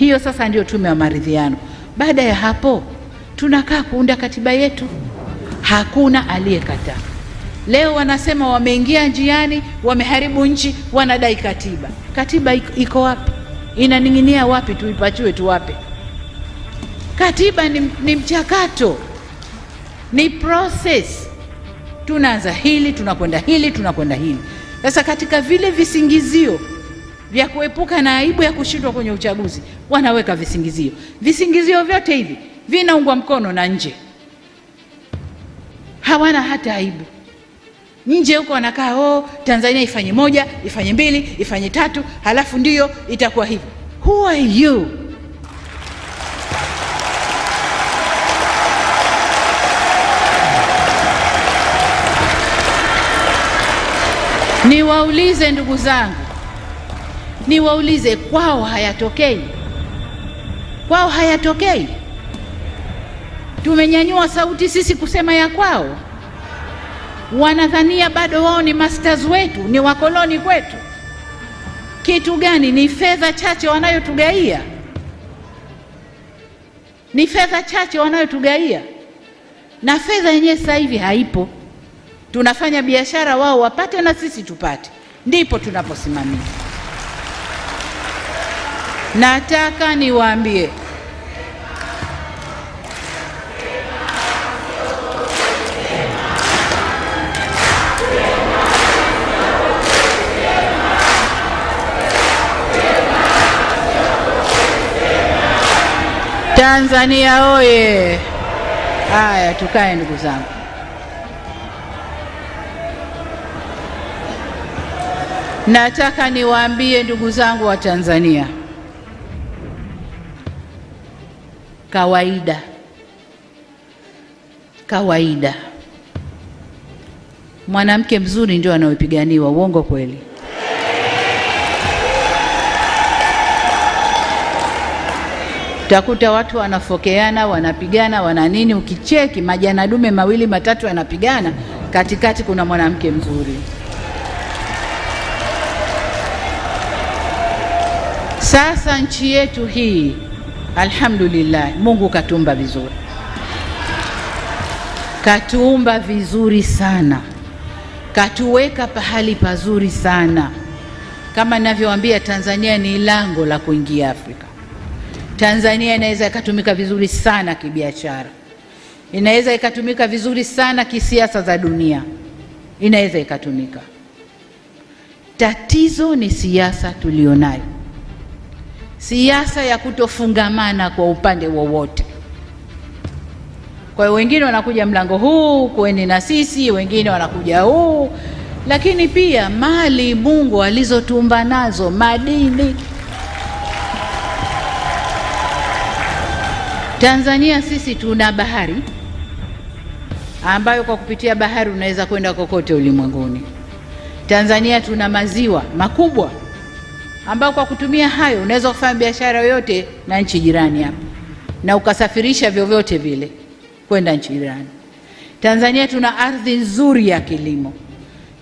Hiyo sasa ndio tume ya maridhiano. Baada ya hapo, tunakaa kuunda katiba yetu. Hakuna aliyekataa. Leo wanasema wameingia njiani, wameharibu nchi, wanadai katiba. Katiba iko wapi? Inaning'inia wapi? Tuipachue tu Katiba ni, ni mchakato, ni process. Tunaanza hili, tunakwenda hili, tunakwenda hili. Sasa katika vile visingizio vya kuepuka na aibu ya kushindwa kwenye uchaguzi, wanaweka visingizio. Visingizio vyote hivi vinaungwa mkono na nje, hawana hata aibu. Nje huko wanakaa oh, Tanzania ifanye moja, ifanye mbili, ifanye tatu, halafu ndiyo itakuwa hivi. Who are you? Niwaulize ndugu zangu, niwaulize, kwao hayatokei? Kwao hayatokei? Tumenyanyua sauti sisi kusema ya kwao, wanadhania bado wao ni masters wetu, ni wakoloni kwetu. Kitu gani? Ni fedha chache wanayotugaia, ni fedha chache wanayotugaia, na fedha yenyewe sasa hivi haipo. Tunafanya biashara, wao wapate na sisi tupate, ndipo tunaposimamia. Nataka niwaambie Tanzania oye! Haya, tukae ndugu zangu. Nataka niwaambie ndugu zangu wa Tanzania kawaida kawaida. Mwanamke mzuri ndio anaopiganiwa Uongo kweli? Utakuta watu wanafokeana, wanapigana, wana nini. Ukicheki majana dume mawili matatu yanapigana, katikati kuna mwanamke mzuri. Sasa nchi yetu hii Alhamdulillah, Mungu katuumba vizuri, katuumba vizuri sana, katuweka pahali pazuri sana. Kama ninavyowaambia, Tanzania ni lango la kuingia Afrika. Tanzania inaweza ikatumika vizuri sana kibiashara, inaweza ikatumika vizuri sana kisiasa za dunia, inaweza ikatumika. Tatizo ni siasa tulionayo siasa ya kutofungamana kwa upande wowote. Kwa hiyo wengine wanakuja mlango huu, kweni na sisi, wengine wanakuja huu, lakini pia mali Mungu alizotumba nazo, madini Tanzania sisi tuna bahari ambayo kwa kupitia bahari unaweza kwenda kokote ulimwenguni. Tanzania tuna maziwa makubwa ambao kwa kutumia hayo unaweza kufanya biashara yoyote na nchi jirani hapa na ukasafirisha vyovyote vile kwenda nchi jirani. Tanzania tuna ardhi nzuri ya kilimo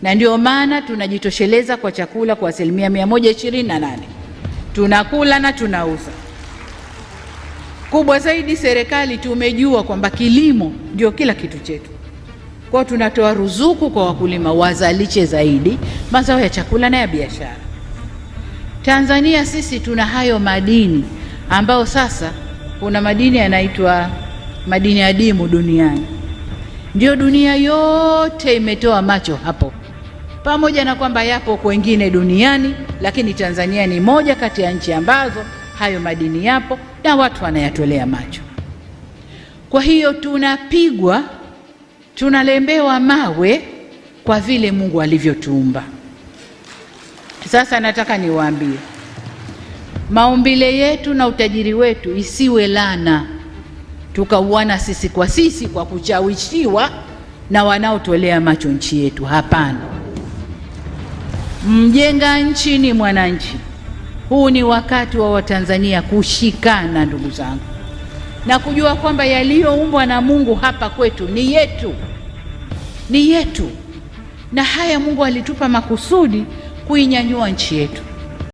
na ndio maana tunajitosheleza kwa chakula kwa asilimia mia moja ishirini na nane tunakula na tunauza. Kubwa zaidi, serikali tumejua kwamba kilimo ndio kila kitu chetu, kwao tunatoa ruzuku kwa wakulima wazalishe zaidi mazao ya chakula na ya biashara. Tanzania sisi tuna hayo madini ambayo sasa kuna madini yanaitwa madini adimu duniani, ndio dunia yote imetoa macho hapo, pamoja na kwamba yapo kwengine duniani, lakini Tanzania ni moja kati ya nchi ambazo hayo madini yapo na watu wanayatolea macho. Kwa hiyo tunapigwa, tunalembewa mawe kwa vile Mungu alivyotuumba. Sasa nataka niwaambie maumbile yetu na utajiri wetu isiwe lana tukauana sisi kwa sisi kwa kushawishiwa na wanaotolea macho nchi yetu. Hapana, mjenga nchi ni mwananchi. Huu ni wakati wa Watanzania kushikana, ndugu zangu, na kujua kwamba yaliyoumbwa na Mungu hapa kwetu ni yetu, ni yetu, na haya Mungu alitupa makusudi kuinyanyua nchi yetu.